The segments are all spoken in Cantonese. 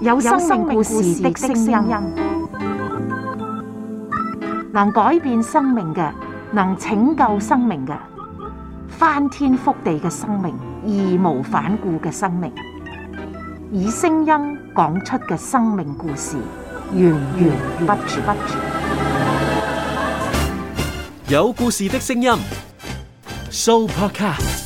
有生命故事的聲音，能改變生命嘅，能拯救生命嘅，翻天覆地嘅生命，義無反顧嘅生命，以聲音講出嘅生命故事，源源不絕。有故事的聲音，Sooopodcast。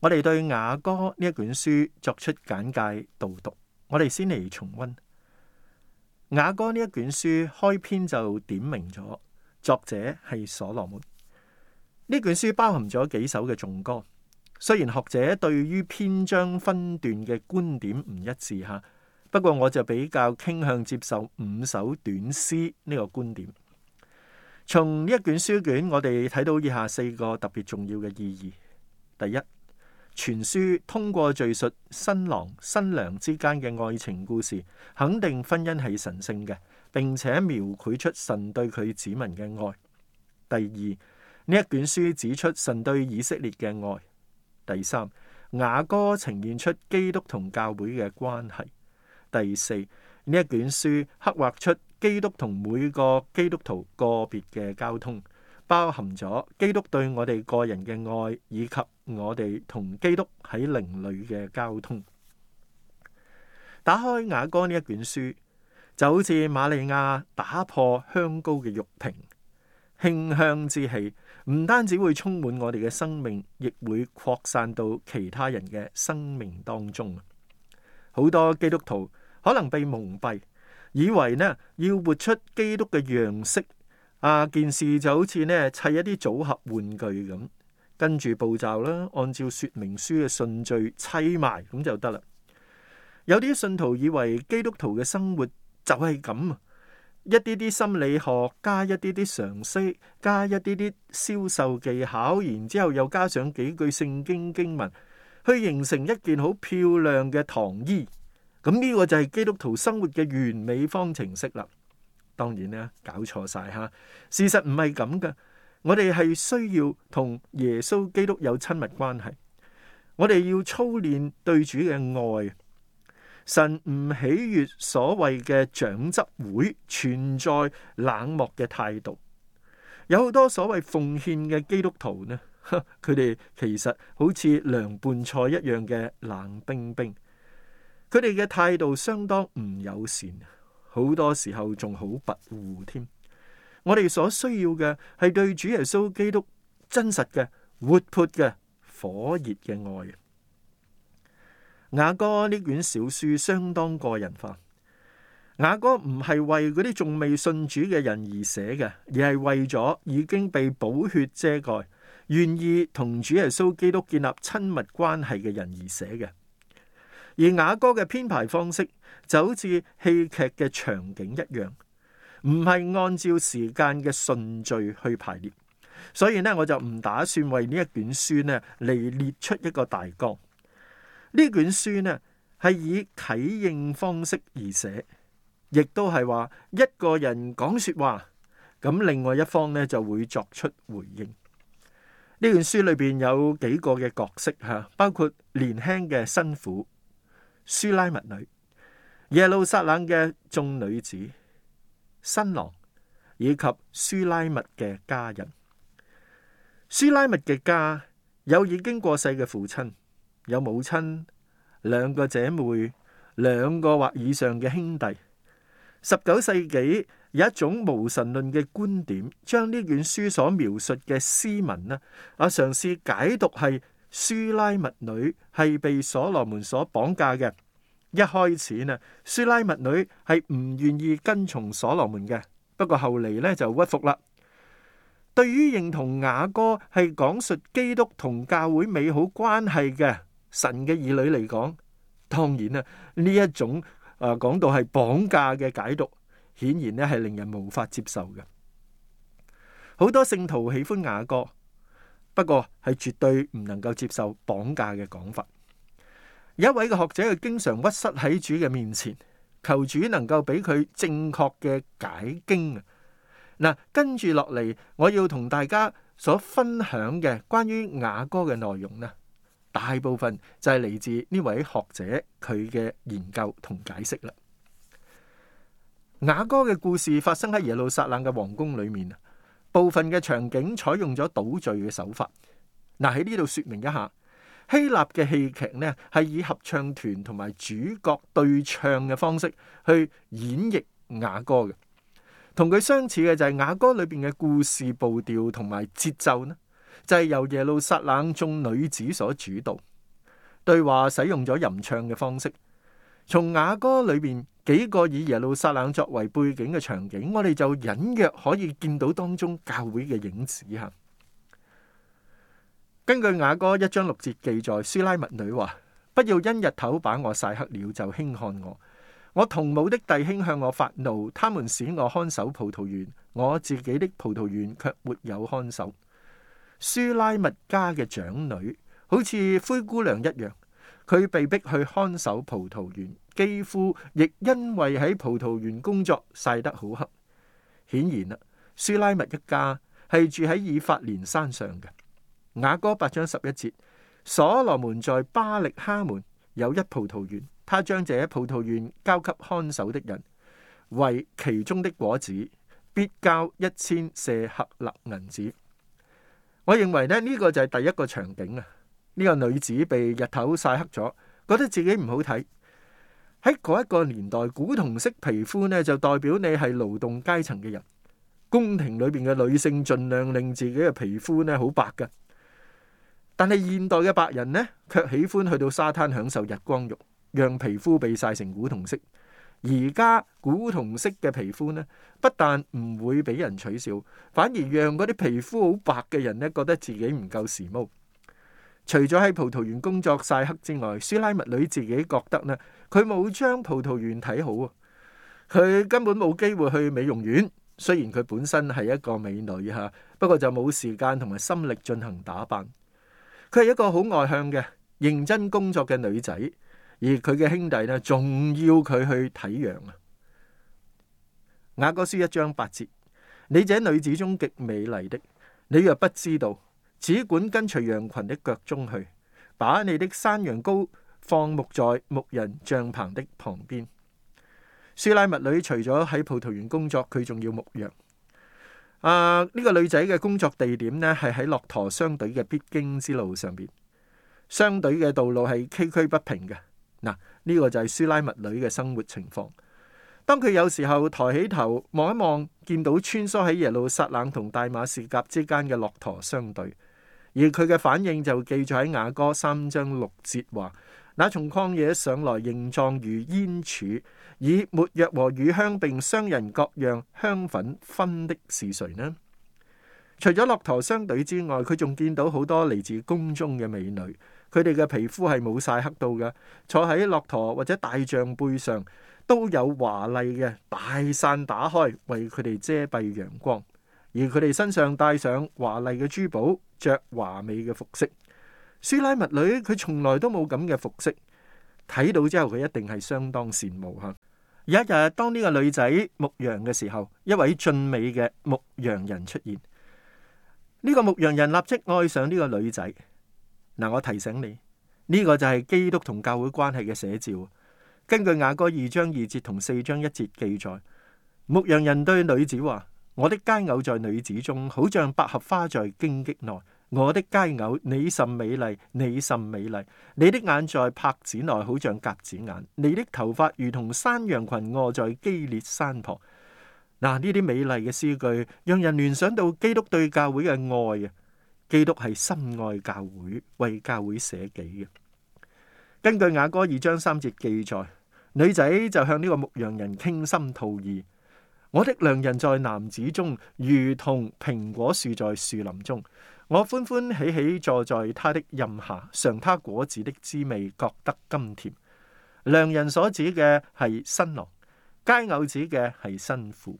我哋對雅歌呢一卷書作出簡介導讀。我哋先嚟重温雅歌呢一卷書，開篇就點明咗作者係所羅門。呢卷書包含咗幾首嘅頌歌，雖然學者對於篇章分段嘅觀點唔一致吓，不過我就比較傾向接受五首短詩呢個觀點。從呢一卷書卷，我哋睇到以下四個特別重要嘅意義。第一。全書通過敘述新郎新娘之間嘅愛情故事，肯定婚姻係神聖嘅，並且描繪出神對佢子民嘅愛。第二，呢一卷書指出神對以色列嘅愛。第三，雅歌呈現出基督同教會嘅關係。第四，呢一卷書刻畫出基督同每個基督徒個別嘅交通，包含咗基督對我哋個人嘅愛以及，我哋同基督喺靈裡嘅交通，打開雅歌呢一卷書，就好似瑪利亞打破香膏嘅玉瓶，馨香之氣唔單止會充滿我哋嘅生命，亦會擴散到其他人嘅生命當中。好多基督徒可能被蒙蔽，以為呢要活出基督嘅樣式，啊件事就好似呢砌一啲組合玩具咁。跟住步驟啦，按照說明書嘅順序砌埋，咁就得啦。有啲信徒以為基督徒嘅生活就係咁，一啲啲心理學加一啲啲常識，加一啲啲銷售技巧，然之後又加上幾句聖經經文，去形成一件好漂亮嘅唐衣。咁呢個就係基督徒生活嘅完美方程式啦。當然啦，搞錯晒吓，事實唔係咁噶。我哋係需要同耶穌基督有親密關係，我哋要操練對主嘅愛。神唔喜悅所謂嘅長執會存在冷漠嘅態度。有好多所謂奉獻嘅基督徒呢，佢哋其實好似涼拌菜一樣嘅冷冰冰。佢哋嘅態度相當唔友善，好多時候仲好跋扈添。我哋所需要嘅係對主耶穌基督真實嘅活潑嘅火熱嘅愛。雅歌呢卷小書相當個人化，雅歌唔係為嗰啲仲未信主嘅人而寫嘅，而係為咗已經被寶血遮蓋、願意同主耶穌基督建立親密關係嘅人而寫嘅。而雅歌嘅編排方式就好似戲劇嘅場景一樣。唔係按照時間嘅順序去排列，所以呢，我就唔打算為呢一卷書呢嚟，列出一個大綱。呢卷書呢係以啟應方式而寫，亦都係話一個人講說話，咁另外一方呢就會作出回應。呢卷書裏邊有幾個嘅角色吓，包括年輕嘅新婦書拉密女、耶路撒冷嘅眾女子、新郎以及舒拉密嘅家人。舒拉密嘅家有已經過世嘅父親，有母親，兩個姐妹，兩個或以上嘅兄弟。十九世紀有一種無神論嘅觀點，將呢卷書所描述嘅詩文呢，啊嘗試解讀係舒拉密女係被所羅門所綁架嘅。一開始呢，書拉密女係唔願意跟從所羅門嘅，不過後嚟咧就屈服啦。對於認同雅歌係講述基督同教會美好關係嘅神嘅兒女嚟講，當然啦呢一種啊講到係綁架嘅解讀，顯然呢係令人無法接受嘅。好多聖徒喜歡雅歌，不過係絕對唔能夠接受綁架嘅講法。一位嘅學者，佢經常屈膝喺主嘅面前，求主能夠俾佢正確嘅解經啊！嗱，跟住落嚟，我要同大家所分享嘅關於雅歌嘅內容咧，大部分就係嚟自呢位學者佢嘅研究同解釋啦。雅歌嘅故事發生喺耶路撒冷嘅皇宮裏面啊，部分嘅場景採用咗倒敘嘅手法。嗱，喺呢度說明一下。希臘嘅戲劇呢，係以合唱團同埋主角對唱嘅方式去演繹雅歌嘅。同佢相似嘅就係雅歌裏邊嘅故事步調同埋節奏呢，就係由耶路撒冷眾女子所主導，對話使用咗吟唱嘅方式。從雅歌裏邊幾個以耶路撒冷作為背景嘅場景，我哋就隱約可以見到當中教會嘅影子啊！根據雅歌一章六節記載，書拉密女話：不要因日頭把我曬黑了，就輕看我。我同母的弟兄向我發怒，他們使我看守葡萄園，我自己的葡萄園卻沒有看守。書拉密家嘅長女，好似灰姑娘一樣，佢被逼去看守葡萄園，幾乎亦因為喺葡萄園工作曬得好黑。顯然啦，書拉密一家係住喺以法蓮山上嘅。雅歌八章十一節，所羅門在巴力哈門有一葡萄園，他將這一葡萄園交給看守的人，為其中的果子必交一千舍客勒銀子。我認為咧呢個就係第一個場景啊。呢個女子被日頭曬黑咗，覺得自己唔好睇。喺嗰一個年代，古銅色皮膚呢就代表你係勞動階層嘅人。宮廷裏邊嘅女性盡量令自己嘅皮膚呢好白噶。但係現代嘅白人呢，卻喜歡去到沙灘享受日光浴，讓皮膚被曬成古銅色。而家古銅色嘅皮膚呢，不但唔會俾人取笑，反而讓嗰啲皮膚好白嘅人呢，覺得自己唔夠時髦。除咗喺葡萄園工作曬黑之外，舒拉密女自己覺得呢，佢冇將葡萄園睇好啊。佢根本冇機會去美容院，雖然佢本身係一個美女吓，不過就冇時間同埋心力進行打扮。佢係一個好外向嘅認真工作嘅女仔，而佢嘅兄弟呢，仲要佢去睇羊啊。雅歌書一章八節：你這女子中極美麗的，你若不知道，只管跟隨羊群的腳蹤去，把你的山羊羔放牧在牧人帳棚的旁邊。書拉密女除咗喺葡萄園工作，佢仲要牧羊。啊！呢、這個女仔嘅工作地點咧，係喺駱駝商隊嘅必經之路上邊。商隊嘅道路係崎嶇不平嘅。嗱、啊，呢、這個就係書拉密女嘅生活情況。當佢有時候抬起頭望一望，見到穿梭喺耶路撒冷同大馬士革之間嘅駱駝商隊，而佢嘅反應就記載喺雅歌三章六節話：，那從曠野上來，形狀如煙柱。以沒藥和乳香並商人各樣香粉分的是誰呢？除咗駱駝商隊之外，佢仲見到好多嚟自宮中嘅美女，佢哋嘅皮膚係冇曬黑到嘅，坐喺駱駝或者大象背上，都有華麗嘅大傘打開為佢哋遮蔽陽光，而佢哋身上戴上華麗嘅珠寶，着華美嘅服飾。舒拉密女佢從來都冇咁嘅服飾，睇到之後佢一定係相當羨慕吓。有一日，當呢個女仔牧羊嘅時候，一位俊美嘅牧羊人出現。呢個牧羊人立即愛上呢個女仔。嗱，我提醒你，呢個就係基督同教會關係嘅寫照。根據雅歌二章二節同四章一節記載，牧羊人對女子話：「我的佳偶在女子中，好像百合花在荊棘內。我的佳偶，你甚美麗，你甚美麗。你的眼在帕子內，好像鴿子眼；你的頭髮如同山羊群臥在激烈山旁。嗱、啊，呢啲美麗嘅詩句，讓人聯想到基督對教會嘅愛啊！基督係深愛教會，為教會捨己嘅。根據雅歌二章三節記載，女仔就向呢個牧羊人傾心吐意：我的良人在男子中，如同蘋果樹在樹林中。我歡歡喜喜坐在他的蔭下，嘗他果子的滋味，覺得甘甜。良人所指嘅係新郎，佳偶指嘅係新婦。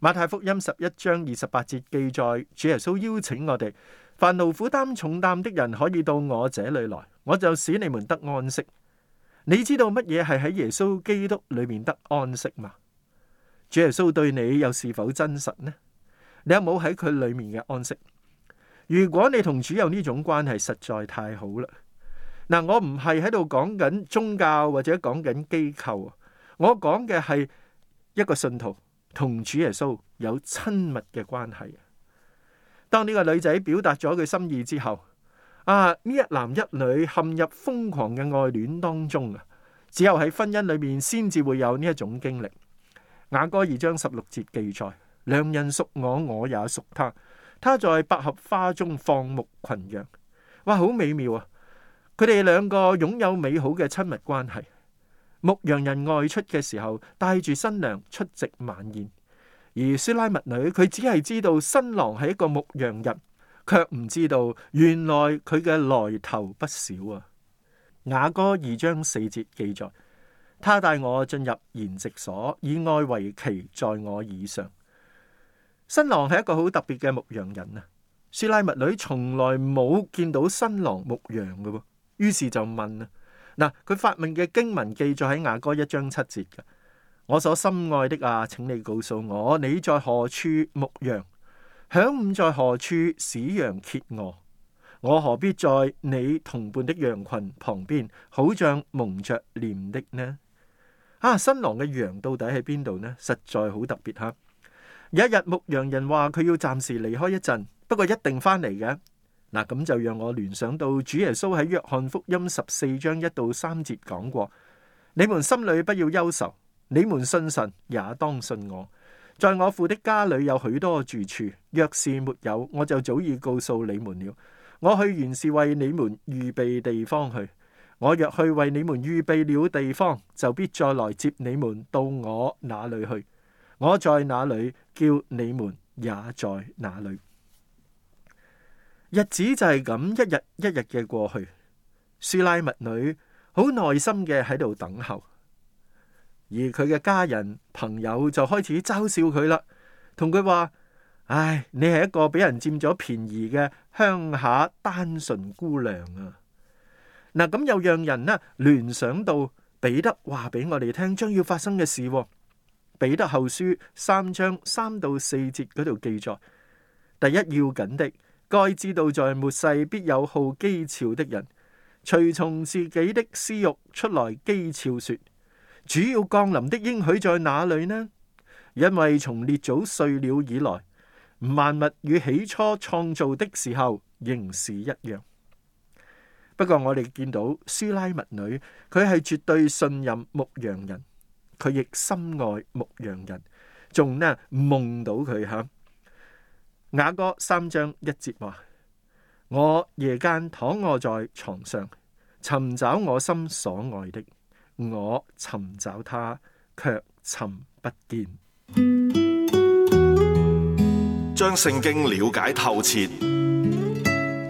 馬太福音十一章二十八節記載，主耶穌邀請我哋：凡勞苦擔重擔的人，可以到我這裏來，我就使你們得安息。你知道乜嘢係喺耶穌基督裏面得安息嗎？主耶穌對你又是否真實呢？你有冇喺佢裏面嘅安息？如果你同主有呢種關係實在太好啦。嗱，我唔係喺度講緊宗教或者講緊機構，我講嘅係一個信徒同主耶穌有親密嘅關係。當呢個女仔表達咗佢心意之後，啊，呢一男一女陷入瘋狂嘅愛戀當中啊，只有喺婚姻裏面先至會有呢一種經歷。雅歌二章十六節記載：良人屬我，我也屬他。他在百合花中放牧群羊，哇，好美妙啊！佢哋兩個擁有美好嘅親密關係。牧羊人外出嘅時候，帶住新娘出席晚宴，而蘇拉密女佢只係知道新郎係一個牧羊人，卻唔知道原來佢嘅來頭不少啊！雅歌二章四節記載：他帶我進入筵席所，以愛為旗，在我以上。新郎係一個好特別嘅牧羊人啊，書拉密女從來冇見到新郎牧羊嘅，啊，於是就問啊，嗱佢發明嘅經文記載喺雅歌一章七節嘅，我所心愛的啊，請你告訴我，你在何處牧羊，晌午在何處使羊歇臥，我何必在你同伴的羊群旁邊，好像蒙着臉的呢？啊，新郎嘅羊到底喺邊度呢？實在好特別吓，啊。有一日，牧羊人話佢要暫時離開一陣，不過一定返嚟嘅。嗱，咁就讓我聯想到主耶穌喺約翰福音十四章一到三節講過：你們心裏不要憂愁，你們信神也當信我。在我父的家裏有許多住處，若是沒有，我就早已告訴你們了。我去原是為你們預備地方去，我若去為你們預備了地方，就必再來接你們到我那裏去。我在哪裏，叫你們也在哪裏。日子就係咁，一日一日嘅過去。舒拉密女好耐心嘅喺度等候，而佢嘅家人朋友就開始嘲笑佢啦，同佢話：唉，你係一個俾人佔咗便宜嘅鄉下單純姑娘啊！嗱，咁又讓人呢聯想到彼得話俾我哋聽將要發生嘅事。彼得後書三章三到四節嗰度記載，第一要緊的，該知道在末世必有好譏誚的人，隨從自己的私欲出來譏誚說，主要降臨的應許在哪裏呢？因為從列祖睡了以來，萬物與起初創造的時候仍是一樣。不過我哋見到書拉密女，佢係絕對信任牧羊人。佢亦深愛牧羊人，仲呢夢到佢吓。雅歌三章一節話：我夜間躺臥在床上，尋找我心所愛的，我尋找他，卻尋不見。將聖經了解透徹，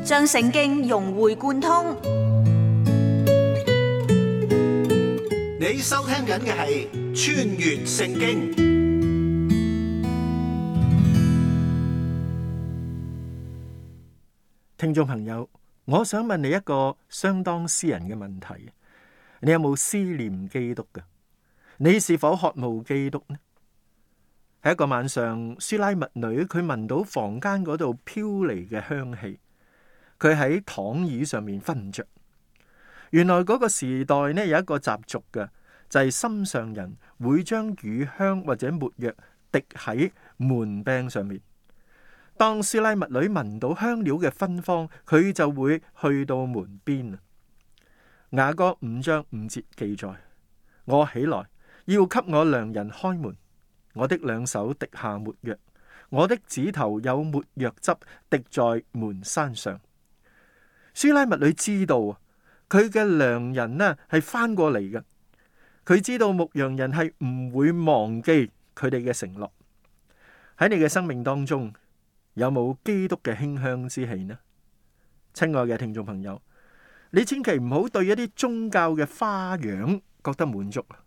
將聖經融會貫通。你收聽緊嘅係《穿越聖經》，聽眾朋友，我想問你一個相當私人嘅問題：你有冇思念基督㗎？你是否渴慕基督呢？喺一個晚上，書拉密女佢聞到房間嗰度飄嚟嘅香氣，佢喺躺椅上面瞓唔着。原來嗰個時代呢，有一個習俗嘅，就係心上人會將乳香或者抹藥滴喺門柄上面。當蘇拉蜜女聞到香料嘅芬芳，佢就會去到門邊啊。雅歌五章五節記載：我起來要給我良人開門，我的兩手滴下抹藥，我的指頭有抹藥汁滴在門山上。蘇拉蜜女知道啊。佢嘅良人呢係翻過嚟嘅，佢知道牧羊人係唔會忘記佢哋嘅承諾。喺你嘅生命當中有冇基督嘅馨香之氣呢？親愛嘅聽眾朋友，你千祈唔好對一啲宗教嘅花樣覺得滿足啊！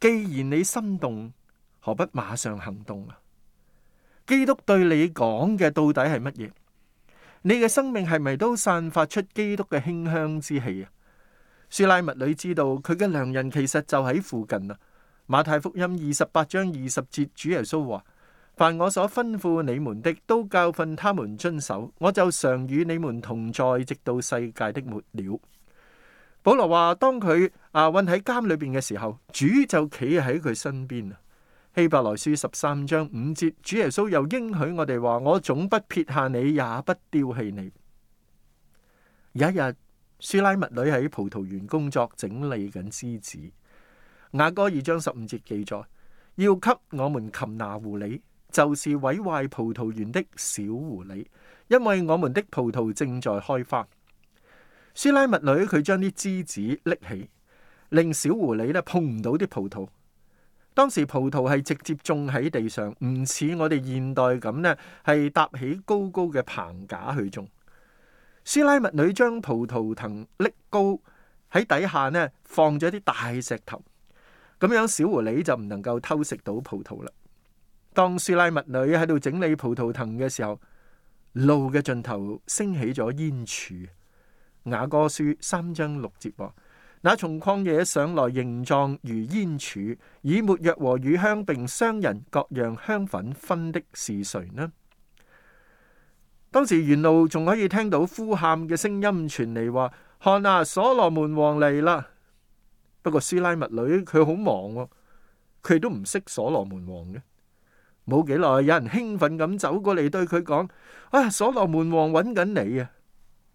既然你心動，何不馬上行動啊？基督對你講嘅到底係乜嘢？你嘅生命係咪都散發出基督嘅馨香之氣啊？書拉密女知道佢嘅良人其實就喺附近啦。馬太福音二十八章二十節，主耶穌話：凡我所吩咐你們的，都教訓他們遵守，我就常與你們同在，直到世界的末了。保羅話：當佢啊困喺監裏邊嘅時候，主就企喺佢身邊。希伯來書十三章五節，主耶穌又應許我哋話：我總不撇下你，也不丟棄你。有一日，書拉密女喺葡萄園工作，整理緊枝子。雅歌二章十五節記載：要給我們擒拿狐狸，就是毀壞葡萄園的小狐狸，因為我們的葡萄正在開花。書拉密女佢將啲枝子拎起，令小狐狸呢碰唔到啲葡萄。當時葡萄係直接種喺地上，唔似我哋現代咁呢，係搭起高高嘅棚架去種。書拉密女將葡萄藤搦高，喺底下呢，放咗啲大石頭，咁樣小狐狸就唔能夠偷食到葡萄啦。當書拉密女喺度整理葡萄藤嘅時候，路嘅盡頭升起咗煙柱。雅歌書三章六節。那從曠野上來，形狀如煙柱，以沒藥和乳香，並商人各樣香粉，薰的是誰呢？當時沿路仲可以聽到呼喊嘅聲音傳嚟，話：看啊，所羅門王嚟啦！不過書拉密女佢好忙喎，佢都唔識所羅門王嘅。冇幾耐，有人興奮咁走過嚟，對佢講：啊，所羅門王揾緊你啊！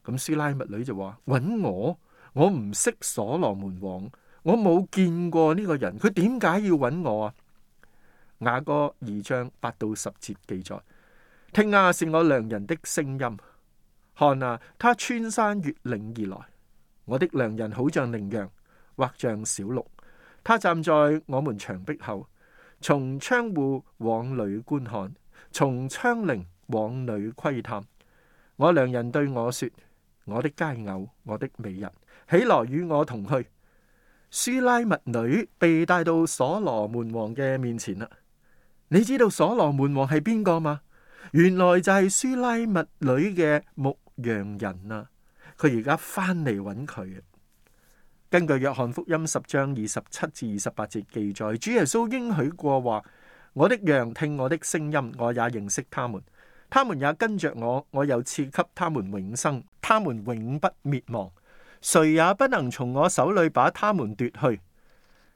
咁書拉密女就話：揾我。我唔識所羅門王，我冇見過呢個人。佢點解要揾我啊？雅歌二章八到十節記載：聽啊，是我良人的聲音；看啊，他穿山越嶺而來。我的良人好像羚羊，或像小鹿。他站在我們牆壁後，從窗戶往裏觀看，從窗棂往裏窺探。我良人對我說：我的佳偶，我的美人。起來與我同去。舒拉密女被帶到所羅門王嘅面前啦。你知道所羅門王係邊個嗎？原來就係舒拉密女嘅牧羊人啦。佢而家翻嚟揾佢。根據約翰福音十章二十七至二十八節記載，主耶穌應許過話：我的羊聽我的聲音，我也認識他們，他們也跟着我，我又賜給他們永生，他們永不滅亡。誰也不能從我手裏把他們奪去。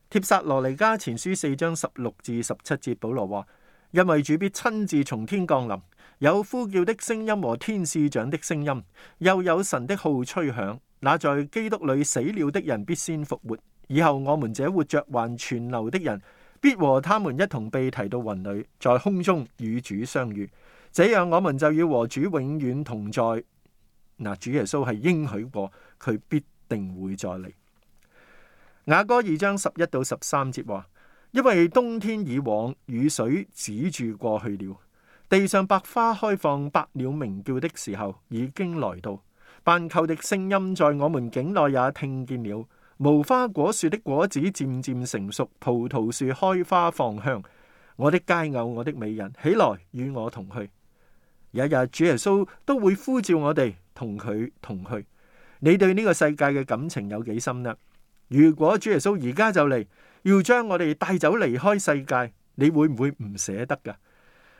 帖撒羅尼加前書四章十六至十七節，保羅話：因為主必親自從天降臨，有呼叫的聲音和天使長的聲音，又有神的號吹響。那在基督裏死了的人必先復活。以後，我們這活着還存留的人，必和他們一同被提到雲裏，在空中與主相遇。這樣，我們就要和主永遠同在。嗱，主耶穌係應許過。佢必定會再嚟。雅歌二章十一到十三節話：因為冬天已往，雨水止住過去了，地上百花開放，百鳥鳴叫的時候已經來到。斑鳩的聲音在我們境內也聽見了。無花果樹的果子漸漸成熟，葡萄樹開花放香。我的佳偶，我的美人，起來與我同去。日日主耶穌都會呼召我哋同佢同去。你對呢個世界嘅感情有幾深呢？如果主耶穌而家就嚟，要將我哋帶走離開世界，你會唔會唔捨得噶？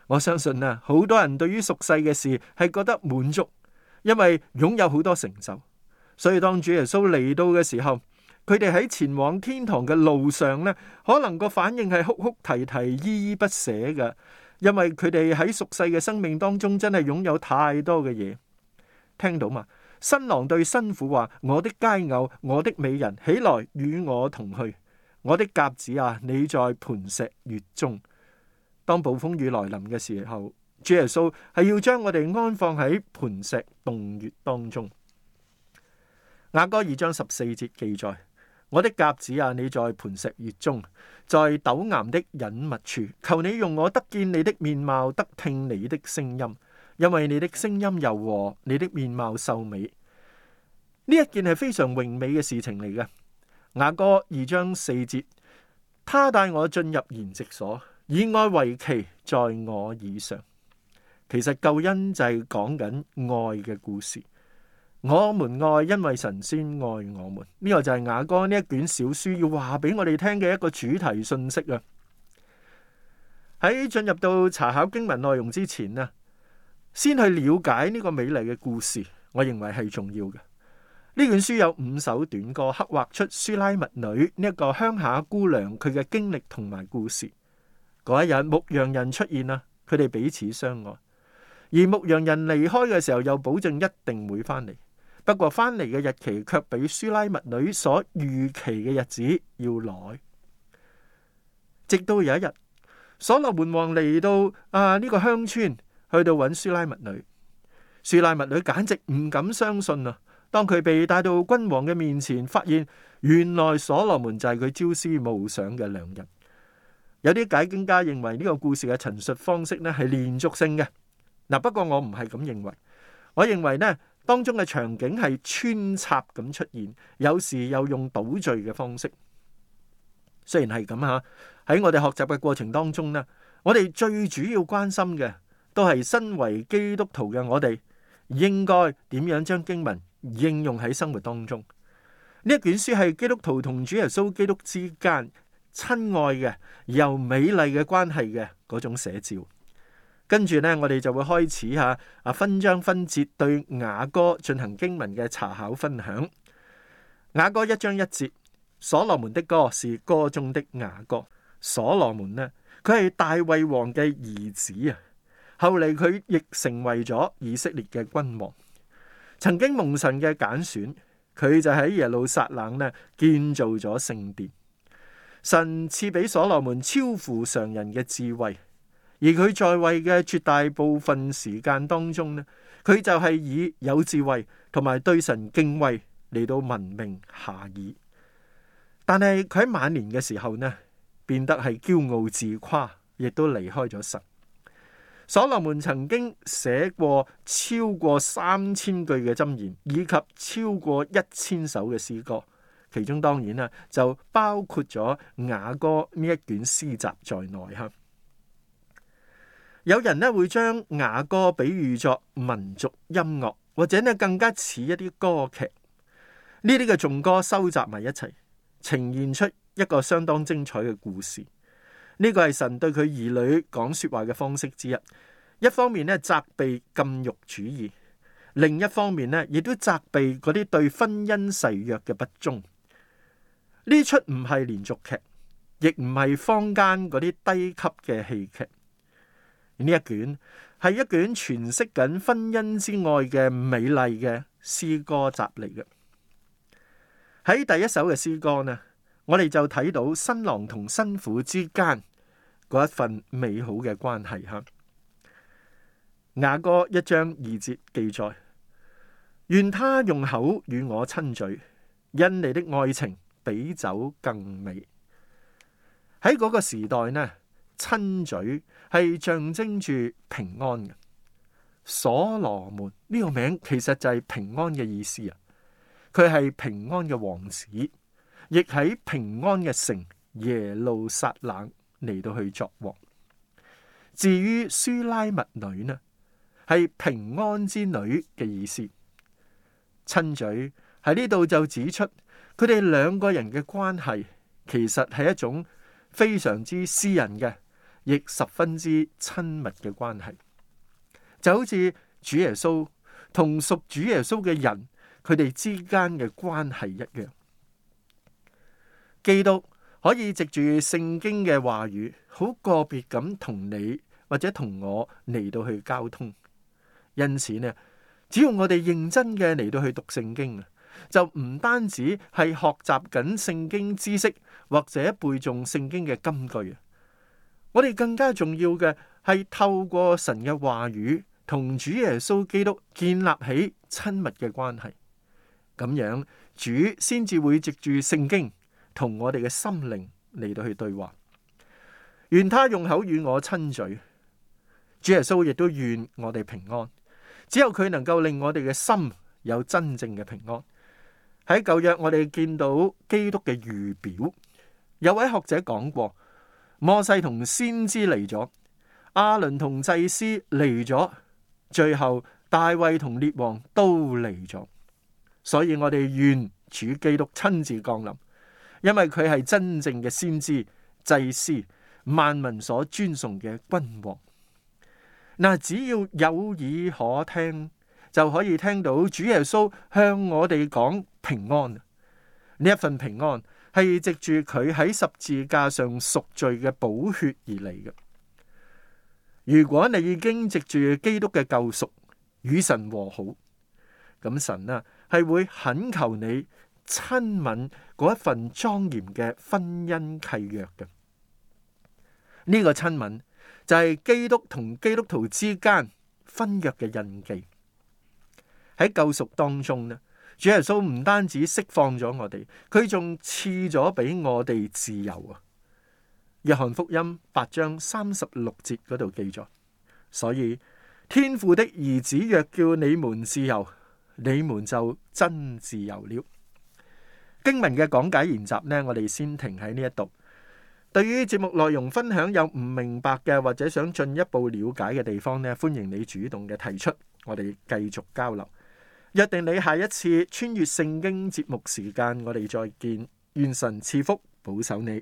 我相信呀，好多人對於屬世嘅事係覺得滿足，因為擁有好多成就。所以當主耶穌嚟到嘅時候，佢哋喺前往天堂嘅路上呢，可能個反應係哭哭啼啼，依依不捨㗎，因為佢哋喺屬世嘅生命當中真係擁有太多嘅嘢。聽到嘛？新郎對新婦話：我的佳偶，我的美人，起來與我同去。我的鴿子啊，你在磐石月中。當暴風雨來臨嘅時候，主耶穌係要將我哋安放喺磐石洞穴當中。雅歌二章十四節記載：我的鴿子啊，你在磐石月中，在陡岩的隱密處，求你用我得見你的面貌，得聽你的聲音。因為你的聲音柔和，你的面貌秀美，呢一件係非常榮美嘅事情嚟嘅。雅歌二章四節，他帶我進入筵席所，以愛為旗在我以上。其實救恩就係講緊愛嘅故事，我們愛因為神先愛我們，呢、這個就係雅歌呢一卷小書要話俾我哋聽嘅一個主題信息啊！喺進入到查考經文內容之前啊。先去了解呢個美麗嘅故事，我認為係重要嘅。呢卷書有五首短歌，刻畫出舒拉密女呢一個鄉下姑娘佢嘅經歷同埋故事。嗰一日牧羊人出現啦，佢哋彼此相愛。而牧羊人離開嘅時候，又保證一定會翻嚟。不過翻嚟嘅日期卻比舒拉密女所預期嘅日子要耐。直到有一日，所羅門王嚟到啊呢個鄉村。去到揾舒拉密女，舒拉密女簡直唔敢相信啊！當佢被帶到君王嘅面前，發現原來所羅門就係佢朝思暮想嘅良人。有啲解經家認為呢個故事嘅陳述方式呢係連續性嘅，嗱不過我唔係咁認為，我認為呢當中嘅場景係穿插咁出現，有時又用倒敘嘅方式。雖然係咁吓，喺我哋學習嘅過程當中呢，我哋最主要關心嘅，都係身為基督徒嘅我哋應該點樣將經文應用喺生活當中？呢一卷書係基督徒同主耶穌基督之間親愛嘅又美麗嘅關係嘅嗰種寫照。跟住呢，我哋就會開始吓啊分章分節對雅歌進行經文嘅查考分享。雅歌一章一節，所羅門的歌是歌中的雅歌。所羅門呢，佢係大衛王嘅兒子啊。後嚟佢亦成為咗以色列嘅君王，曾經蒙神嘅揀選，佢就喺耶路撒冷呢建造咗聖殿。神賜俾所羅門超乎常人嘅智慧，而佢在位嘅絕大部分時間當中呢，佢就係以有智慧同埋對神敬畏嚟,到聞名遐邇。但係佢喺晚年嘅時候呢，變得係驕傲自誇，亦都離開咗神。所羅門曾經寫過超過三千句嘅箴言，以及超過一千首嘅詩歌，其中當然啦就包括咗雅歌呢一卷詩集在內哈。有人呢會將雅歌比喻作民族音樂，或者呢更加似一啲歌劇，呢啲嘅頌歌收集埋一齊，呈現出一個相當精彩嘅故事。呢個係神對佢兒女講說話嘅方式之一，一方面呢責備禁欲主義，另一方面呢亦都責備嗰啲對婚姻誓約嘅不忠。呢出唔係連續劇，亦唔係坊間嗰啲低級嘅戲劇，呢一卷係一卷詮釋緊婚姻之外嘅美麗嘅詩歌集嚟嘅。喺第一首嘅詩歌呢，我哋就睇到新郎同新婦之間嗰一份美好嘅關係吓。雅歌一章二節記載，願他用口與我親嘴，因你的愛情比酒更美。喺嗰個時代呢，親嘴係象徵住平安嘅。所羅門呢個名其實就係平安嘅意思啊，佢係平安嘅王子。亦喺平安嘅城耶路撒冷嚟到去作王。至於舒拉密女呢，係平安之女嘅意思。親嘴喺呢度就指出佢哋兩個人嘅關係，其實係一種非常之私人嘅，亦十分之親密嘅關係。就好似主耶穌同屬主耶穌嘅人，佢哋之間嘅關係一樣。基督可以藉住聖經嘅話語，好個別咁同你或者同我嚟到去交通。因此呢，只要我哋認真嘅嚟到去讀聖經啊，就唔單止係學習緊聖經知識或者背誦聖經嘅金句。我哋更加重要嘅係透過神嘅話語，同主耶穌基督建立起親密嘅關係。咁樣主先至會藉住聖經。同我哋嘅心靈嚟到去對話，願他用口與我親嘴。主耶穌亦都願我哋平安，只有佢能夠令我哋嘅心有真正嘅平安。喺舊約，我哋見到基督嘅預表。有位學者講過，摩西同先知嚟咗，亞倫同祭司嚟咗，最後大衛同列王都嚟咗。所以我哋願主基督親自降臨。因為佢係真正嘅先知、祭司、萬民所尊崇嘅君王。嗱，只要有耳可聽，就可以聽到主耶穌向我哋講平安。呢一份平安係藉住佢喺十字架上贖罪嘅寶血而嚟嘅。如果你已經藉住基督嘅救贖與神和好，咁神啊係會懇求你。親吻嗰一份莊嚴嘅婚姻契約嘅，呢個親吻就係基督同基督徒之間婚約嘅印記。喺救贖當中呢，主耶穌唔單止釋放咗我哋，佢仲賜咗俾我哋自由啊。約翰福音八章三十六節嗰度記咗：「所以天父的兒子若叫你們自由，你們就真自由了。」經文嘅講解研習呢，我哋先停喺呢一度。對於節目內容分享有唔明白嘅，或者想進一步了解嘅地方呢，歡迎你主動嘅提出，我哋繼續交流。約定你下一次穿越聖經節目時間，我哋再見。願神賜福，保守你。